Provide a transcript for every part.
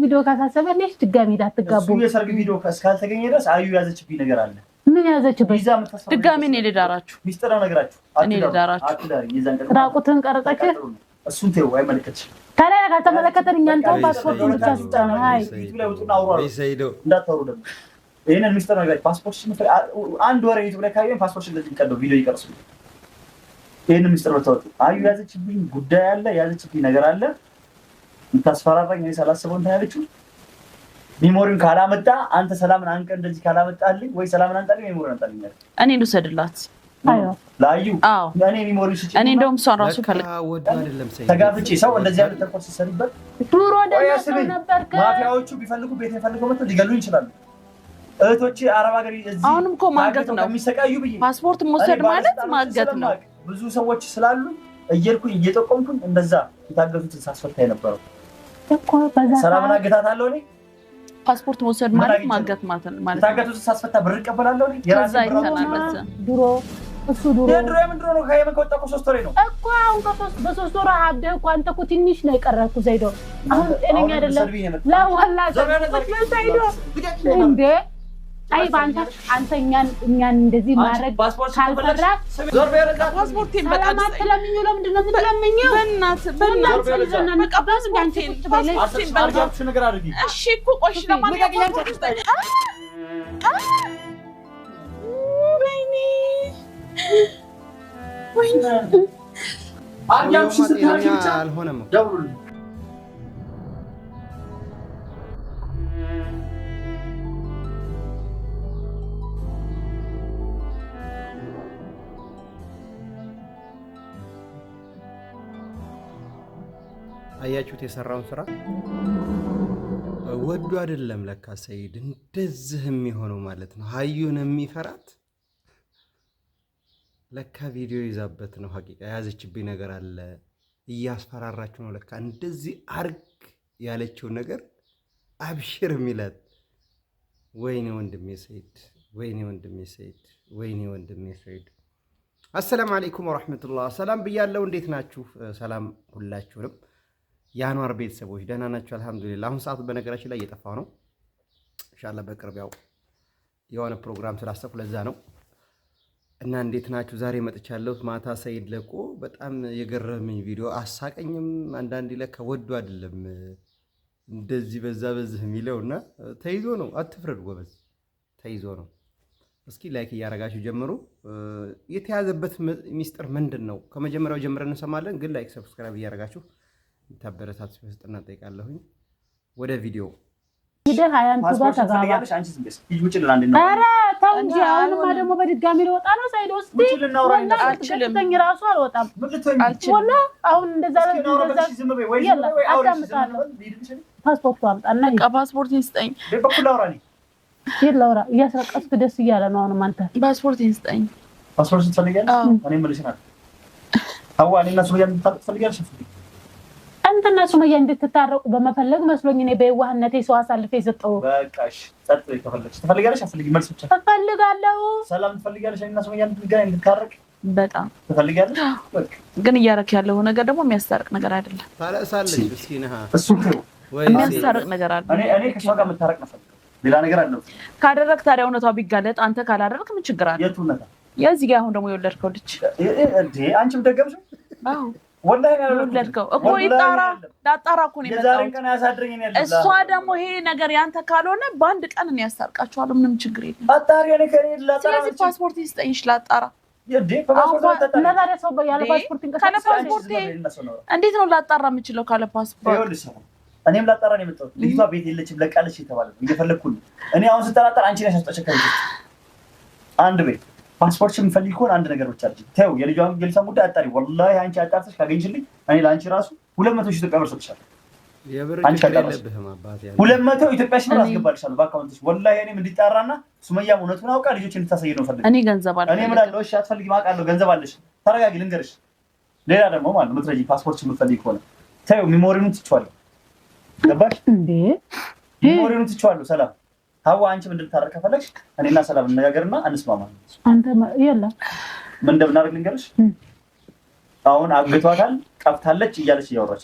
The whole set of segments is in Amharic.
ቪዲዮ ካሳሰበ ሌሽ ድጋሚ ዳትጋቡ የሰርግ ቪዲዮ እስካልተገኘ ድረስ አዩ ያዘችብኝ ነገር አለ። ምን ያዘችበት? ድጋሚ እኔ ልዳራችሁ፣ ሚስጥር ነገራችሁ፣ እኔ ልዳራችሁ። ራቁትን ቀረጸች። እሱን ተይው፣ አይመለከትሽ። ታዲያ ካልተመለከተን እኛን ተው። ፓስፖርት ብቻ አይ እንዳታወሩ ደግሞ ይህንን ሚስጥር ነገራችሁ። ፓስፖርት አንድ ወር ዩቱብ ላይ ካየን ፓስፖርት እንደዚህ ቀደው ቪዲዮ ይቀርሱ። ይህንን ሚስጥር መታወጡ አዩ ያዘችብኝ ጉዳይ አለ፣ ያዘችብኝ ነገር አለ የምታስፈራራኝ ወይ ሳላስበው እንትን ያለችው ሚሞሪውን ካላመጣ አንተ ሰላምን አንቀ እንደዚህ ካላመጣልኝ ወይ ሰላምን አንጣልኝ ሚሞሪውን አንጣልኝ እኔ ልውሰድላት ላዩ እኔ ሚሞሪ እኔ እንደውም እሷን ራሱ ተጋፍጬ ሰው እንደዚህ ያለ ተኮር ሲሰሩበት ድሮ ማፊያዎቹ ቢፈልጉ ቤት የፈልገው መጥተው ሊገሉ ይችላሉ። እህቶቼ አረብ ሀገር አሁንም እኮ ማገት ነው የሚሰቃዩ ብዬ ፓስፖርት መውሰድ ማለት ማገት ነው። ብዙ ሰዎች ስላሉ እየልኩኝ እየጠቆምኩኝ እንደዛ የታገቱትን ሳስፈታ የነበረው እኮ ሰላምን አገታታለሁ እኔ ፓስፖርት መውሰድ ማለት ማገት ማለት ታገቱ ሳስፈታ ብር እቀበላለሁ። ድሮ እሱ ድሮ ድሮ የምን ድሮ ነው? ከየመን ከወጣ ሶስት ወሬ ነው እኮ አሁን በሶስት ወር አብደህ እኮ አንተ እኮ ትንሽ ነው የቀረኩ ዘይዶ። አሁን ጤነኛ አይደለም ለወላ ዘይዶ እንዴ አይ በአንተ አንተ እኛን እኛን እንደዚህ ማድረግ ካልፈራ ፓስፖርት ይመጣል። ለምኙ ለምንድን ነው የምትለምኘው? በእናትህ በእናትህ እሺ እኮ ቆይ ለማንኛውም አልሆነም አያችሁት? የሰራውን ስራ ወዱ አይደለም ለካ ሰይድ እንደዚህ የሚሆነው ማለት ነው። ሀዩን የሚፈራት ለካ ቪዲዮ ይዛበት ነው። ሀቂቃ የያዘችብኝ ነገር አለ እያስፈራራችሁ ነው ለካ እንደዚህ አርግ ያለችው ነገር አብሽር የሚላት ወይኔ ወንድሜ ሰይድ፣ ወይኔ ወንድሜ ሰይድ፣ ወይኔ ወንድሜ ሰይድ። አሰላም አለይኩም ወረሕመቱላህ። ሰላም ብያለው። እንዴት ናችሁ? ሰላም ሁላችሁንም የአኗር ቤተሰቦች ደህና ናቸው? አልሐምዱሊላ። አሁን ሰዓቱ በነገራችን ላይ እየጠፋ ነው። ኢንሻላህ በቅርብ ያው የሆነ ፕሮግራም ስላሰብኩ ለዛ ነው። እና እንዴት ናችሁ? ዛሬ መጥቻለሁ። ማታ ሰይድ ለቆ በጣም የገረመኝ ቪዲዮ አሳቀኝም። አንዳንድ ለካ ወዱ አይደለም እንደዚህ በዛ በዚህ የሚለው እና ተይዞ ነው። አትፍረድ ጎበዝ፣ ተይዞ ነው። እስኪ ላይክ እያረጋችሁ ጀምሩ። የተያዘበት ሚስጥር ምንድን ነው? ከመጀመሪያው ጀምረን እንሰማለን። ግን ላይክ ሰብስክራይብ እያረጋችሁ ታበረታት በፍጥና ጠይቃለሁኝ። ወደ ቪዲዮ ሂደህ ደግሞ በድጋሚ ልወጣ ነው። ሳይድ ውስጥ ራሱ አልወጣም። ወላ ፓስፖርት ይስጠኝ። ይሄ ላውራ እያስረቀስክ ደስ እያለ ነው። አሁንም አንተ ፓስፖርት ይስጠኝ። ፓስፖርት ትፈልጋለሽ? እኔ መልሽናል። ሀዋ እኔ እና ሱሪያ ትፈልጋለሽ? አንተና ሱመያ እንድትታረቁ በመፈለግ መስሎኝ እኔ በየዋህነቴ ሰው አሳልፌ የሰጠው እፈልጋለሁ። ሰላም ትፈልጋለሽ እና ሱመያ እንድትታረቅ በጣም ትፈልጋለሽ። ግን እያረክ ያለው ነገር ደግሞ የሚያስታርቅ ነገር አይደለም። የሚያስታርቅ ነገር አለ። ሌላ ነገር አለ። ካደረግ ታዲያ እውነቷ ቢጋለጥ፣ አንተ ካላደረግ ምን ችግር አለ? የዚህ ጋ አሁን ደግሞ የወለድከው ልጅ አንቺም ደገምሽ ወለድከው እኮ ይጣራ ዳጣራ እኮ ነው እሷ ደግሞ ይሄ ነገር ያንተ ካልሆነ በአንድ ቀን እኔ ያስታርቃችኋለሁ። ምንም ችግር የለም። ስለዚህ ፓስፖርት ይስጠኝ ላጣራ። ፓስፖርቴ እንዴት ነው ላጣራ የምችለው? ካለ ፓስፖርት እኔም ላጣራ ነው የመጣሁት። ልጅቷ ቤት የለችም ለቃለች የተባለ እየፈለግኩ እኔ አሁን ስጠራጠር አንቺ ነሽ ያስጠቸከ አንድ ቤት ፓስፖርት የምፈልግ ከሆነ አንድ ነገር ብቻ ልጅ ተው፣ የልጇን ጌልሳን ጉዳይ አጣሪ። ወላሂ አንቺ አጣርተሽ ካገኝሽልኝ እኔ ለአንቺ ራሱ ሁለት መቶ ሺህ ኢትዮጵያ ብር ሰጥሻለሁ። ሁለት መቶ ኢትዮጵያ ሺህ ብር አስገባልሻለሁ በአካውንትሽ። ወላሂ እኔም እንዲጣራና ሱመያም እውነቱን አውቃ ልጆች እንድታሳይ ነው ፈልግ። እኔ ገንዘብ አለ እኔ ምላለሁ። እሺ አትፈልጊም አውቃለሁ፣ ገንዘብ አለሽ። ተረጋጊ፣ ልንገርሽ። ሌላ ደግሞ ማለት ምትረጂ ፓስፖርት የምፈልግ ከሆነ ተው፣ ሚሞሪኑን ትችዋለሁ። ገባሽ? ሚሞሪኑን ትችዋለሁ። ሰላም ታዋ አንቺ ምንድን ታደርግ ከፈለግሽ እኔና ሰላም እንነጋገርና እንስማማ። ምን እንደምናደርግ ልንገርሽ። አሁን አግቷታል፣ ጠፍታለች እያለች እያወራች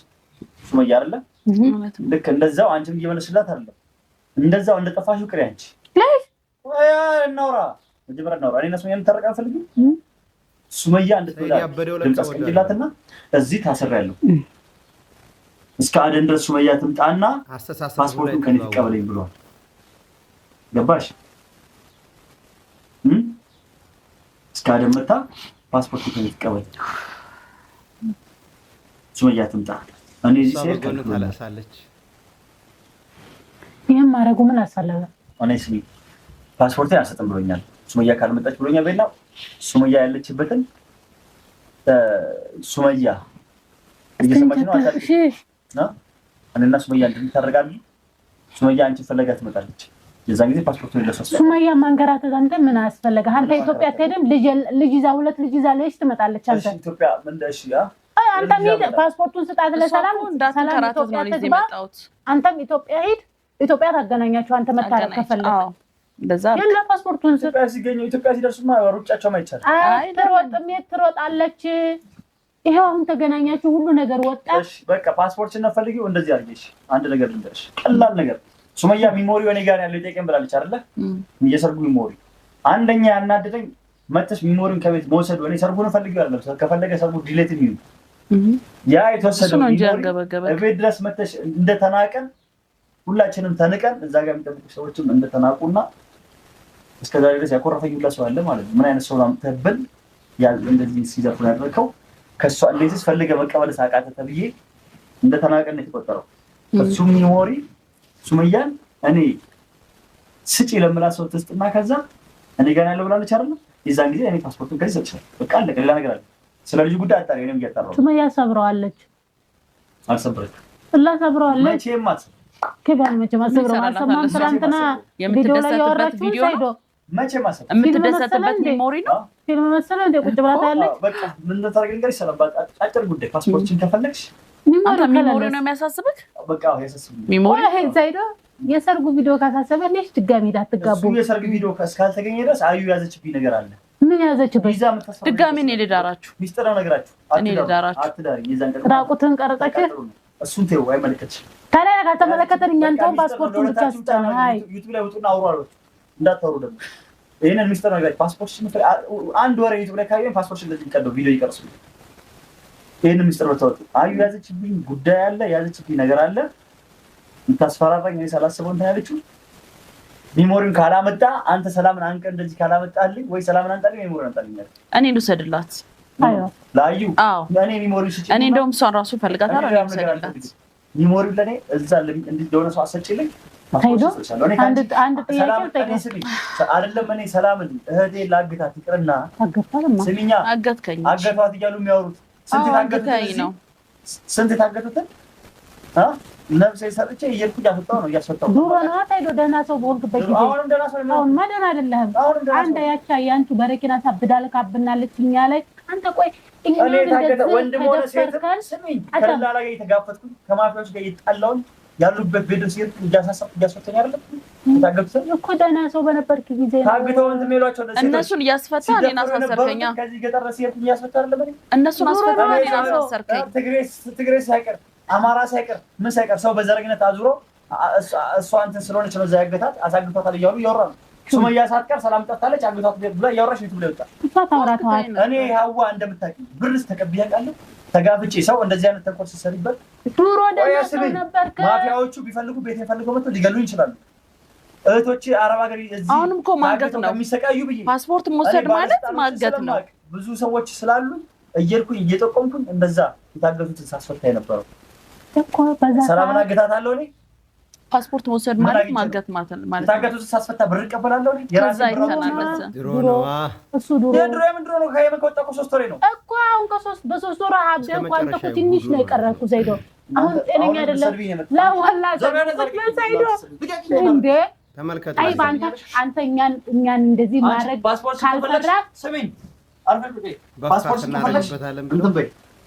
ሱመያ አይደለ? ልክ እንደዛው አንቺም እየመለስላት አለ። እንደዛው እንደጠፋሽ ቅሪ። አንቺ እናውራ፣ መጀመሪያ እናውራ። እኔና ሱመያ እንታረቅ አንፈልግም። ሱመያ እንድትድምፅ አስቀንጅላትና እዚህ ታስሬያለሁ እስከ አደን ድረስ ሱመያ ትምጣና ፓስፖርቱን ከኔ ትቀበለኝ ብለዋል። ገባሽ? እስካደምታ መታ ፓስፖርት ተቀበል። ሱመያ ትምጣ። እኔ እዚህ ሲሄድ ይህም ማድረጉ ምን አሳለበ? እኔ ስሚ ፓስፖርት አልሰጥም ብሎኛል። ሱመያ ካልመጣች ብሎኛል። ቤላው ሱመያ ያለችበትን ሱመያ እየሰማች ነው። እኔና ሱመያ እንድንታረጋለን። ሱመያ አንቺ ፈለጋ ትመጣለች። የዛን ጊዜ ፓስፖርት ይለሰ ሱመያ ማንገራተት አንተ ምን አስፈለገ? አንተ ኢትዮጵያ አትሄድም? ልጅ ይዛ ሁለት ልጅ ይዛ ልጅ ትመጣለች። አንተ ኢትዮጵያ ምንደሽ ያ አንተም ሂድ፣ ፓስፖርቱን ስጣት ለሰላም ሰላም ኢትዮጵያ ትግባ። አንተም ኢትዮጵያ ሂድ፣ ኢትዮጵያ ታገናኛቸው አንተ መታረቅ ከፈለግ የለ ፓስፖርቱን ስጥ። ሲገኙ ኢትዮጵያ ሲደርሱማ ሩጫቸው አይቻልም። አይ ትሮጥም የት ትሮጣለች? ይሄው አሁን ተገናኛችሁ፣ ሁሉ ነገር ወጣ። በቃ ፓስፖርት ስናፈልጊው እንደዚህ አድርጌሽ አንድ ነገር ልንገርሽ፣ ቀላል ነገር ሱመያ ሚሞሪ ወኔ ጋር ያለው ጠቅም ብላለች አይደለ? የሰርጉ ሚሞሪ አንደኛ ያናደደኝ መተሽ ሚሞሪን ከቤት መውሰድ እኔ ሰርጉን ፈልግ አይደለም፣ ከፈለገ ሰርጉ ዲሌት የሚሆን ያ የተወሰደው ቤት ድረስ መተሽ እንደተናቀን ሁላችንም ተንቀን እዛ ጋር የሚጠብቁ ሰዎችም እንደተናቁና እስከዛ ድረስ ያኮረፈኝ ሁላ ሰው አለ ማለት ነው። ምን አይነት ሰው ላምተብን እንደዚህ ሲዘርፉ ያደረከው ከእሷ እንዴትስ ፈልገ መቀበል ሳቃተ ተብዬ እንደተናቀን የተቆጠረው እሱም ሚሞሪ ሱመያን እኔ ስጪ ለምላ ሰው ትስጥና ከዛ እኔ ገና ያለው ብላለች አይደለም። የዛን ጊዜ እኔ ፓስፖርቱን ከዚህ ሰጥሻል። በቃ አለቀ። ሌላ ነገር አለ። ስለ ልጁ ጉዳይ አጣሪ ነው የሚያጠራው። ሱመያ ሰብረዋለች። አልሰብረች እላ ሰብረዋለች። መቼም አትሰብርም። ኬባል መቼም አትሰብርም። አልሰማም። ትናንትና ቪዲዮ ላይ ያወራችሁ ሳይዶ መቼም አትሰብርም። የምትደሰትበት ሜሞሪ ነው። ፊልም መሰለ እንደ ቁጭ ብላ ታያለች። በቃ ምን ታደርጊ ነገር ይሰራል። አጭር ጉዳይ ፓስፖርትሽን ከፈለግሽ ሚሞሪ ነው የሚያሳስብህ? የሰርጉ ቪዲዮ ካሳሰበ ሌሽ ድጋሚ አትጋቡ። የሰርግ ቪዲዮ እስካልተገኘ ድረስ አዩ ያዘችብኝ ነገር አለ። ምን ያዘችበት? ድጋሚ እኔ ልዳራችሁ፣ ሚስጥር ነገራችሁ፣ እኔ ልዳራችሁ። ራቁትን ቀረጸች። እሱን ተይው፣ አይመለከትሽም። ታዲያ ካልተመለከተን እኛ እንተውን ፓስፖርቱን ብቻ ስጠን። ዩቱብ ላይ ውጡና አውሩ አሏችሁ። እንዳታወሩ ደግሞ ይህንን ሚስጥር ነገራችሁ። ፓስፖርት አንድ ወር ዩቱብ ላይ ካየን ፓስፖርት እንደዚህ ቀደው ቪዲዮ ይቀርሱ ይህን ምስጢር ብታወጡ አዩ ያዘችብኝ ጉዳይ አለ፣ ያዘችብኝ ነገር አለ ታስፈራራኝ ወይ ሳላስበው እንትን ያለችው ሚሞሪውን ካላመጣ አንተ ሰላምን አንቀ እንደዚህ ካላመጣልኝ ወይ ሰላምን አንጣልኝ ሚሞሪ አንጣልኝ እኔ ልውሰድላት ለአዩ እኔ ሚሞሪ እኔ እንደውም እሷን ራሱ ፈልጋታ ልውሰድላት ሚሞሪ ለእኔ እዛ እንደሆነ ሰው አሰጭልኝ አይደለም እኔ ሰላምን እህቴ ላግታት ይቅርና ስሚኛ አገትከኝ አገቷት እያሉ የሚያወሩት ስንት የታገቱትን ነብሴ ሰርቼ እየሄድኩ እያስወጣሁ ነው እያስወጣሁ። ድሮ ነዋ ታይዶ ደህና ሰው በሆንክበት ጊዜ አሁንማ ደህና አይደለህም። አንድ ያቻ ያንቹ በረኪና ታብዳል ካብናለች እኛ ላይ አንተ ቆይ እኛ ወንድም ሆነ ሴት ስሚ ከላ ላይ የተጋፈጥኩኝ ከማፊያዎች ጋር እየጣላሁኝ ያሉበት ቤድን ሲሄድ እያስፈተኝ አይደለም እኮ ደህና ሰው በነበርክ ጊዜ ታግተው እንትን የሚሏቸው እነሱን እያስፈታ እኔን አሳሰርከኛ። ከዚህ ገጠር ሲሄድ እያስፈታ አይደለም እነሱን አስፈታ እኔን አሳሰርከኝ። ትግሬ ሳይቀር አማራ ሳይቀር ምን ሳይቀር ሰው በዘረኝነት አዙሮ እሷ እንትን ስለሆነች ነው እዛ ያገታት አሳግቷታል እያሉ እያወራ ነው። ሱመያ ሳትቀር ሰላም ጠፍታለች አግቷት ብላ እያወራሽ ዩቱብ ብላ ይወጣል እኔ ሀዋ እንደምታውቂ ብርስ ተቀብያቃለሁ ተጋፍጪ ሰው እንደዚህ አይነት ተንኮል ስትሰሪበት ዱሮ ደግሞ ነበር። ማፊያዎቹ ቢፈልጉ ቤት የፈልገው መጥተው ሊገሉ ይችላሉ። እህቶቼ አረብ ሀገር አሁንም እኮ ማገት ነው የሚሰቃዩ ብዬ ፓስፖርት መውሰድ ማለት ማገት ነው። ብዙ ሰዎች ስላሉ እየልኩኝ እየጠቆምኩኝ እንደዛ የታገዙትን ሳስፈታ የነበረው ሰላምን አገታት አለው እኔ ፓስፖርት መውሰድ ማለት ማገት ማለት ታገቱ ሳስፈታ ብር እቀበላለሁ። ከዛ ትንሽ ነው የቀረኩ ዘይዶ አሁን ጤነኛ አይደለም። አንተ እኛን እኛን እንደዚህ ማድረግ ካልፈራ ስሚኝ፣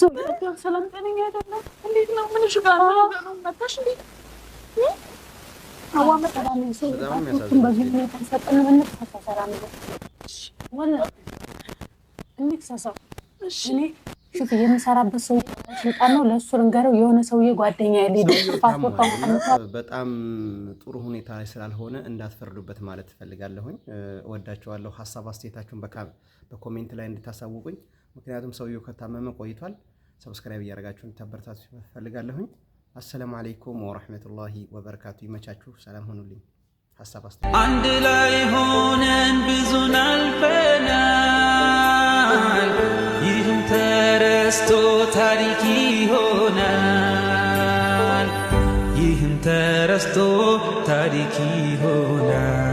ሰው ሰላም ጤነኛ እንዴት ነው? ነው ሰው ነው የምሰራበት ሰው ስልጣን ነው። ለእሱ ልንገረው የሆነ ሰውዬ ጓደኛ በጣም ጥሩ ሁኔታ ላይ ስላልሆነ እንዳትፈርዱበት ማለት ትፈልጋለሁኝ። እወዳቸዋለሁ። ሀሳብ አስተያየታችሁን በኮሜንት ላይ እንድታሳውቁኝ ምክንያቱም ሰውየው ከታመመ ቆይቷል። ሰብስክራይብ እያደረጋችሁን ታበረታቱ ፈልጋለሁኝ። አሰላሙ አለይኩም ወረህመቱላሂ ወበረካቱ። ይመቻችሁ። ሰላም ሆኑልኝ ሀሳብ አንድ ላይ ሆነን ብዙን አልፈናል። ይህም ተረስቶ ታሪክ ይሆናል። ይህም ተረስቶ ታሪክ ይሆናል።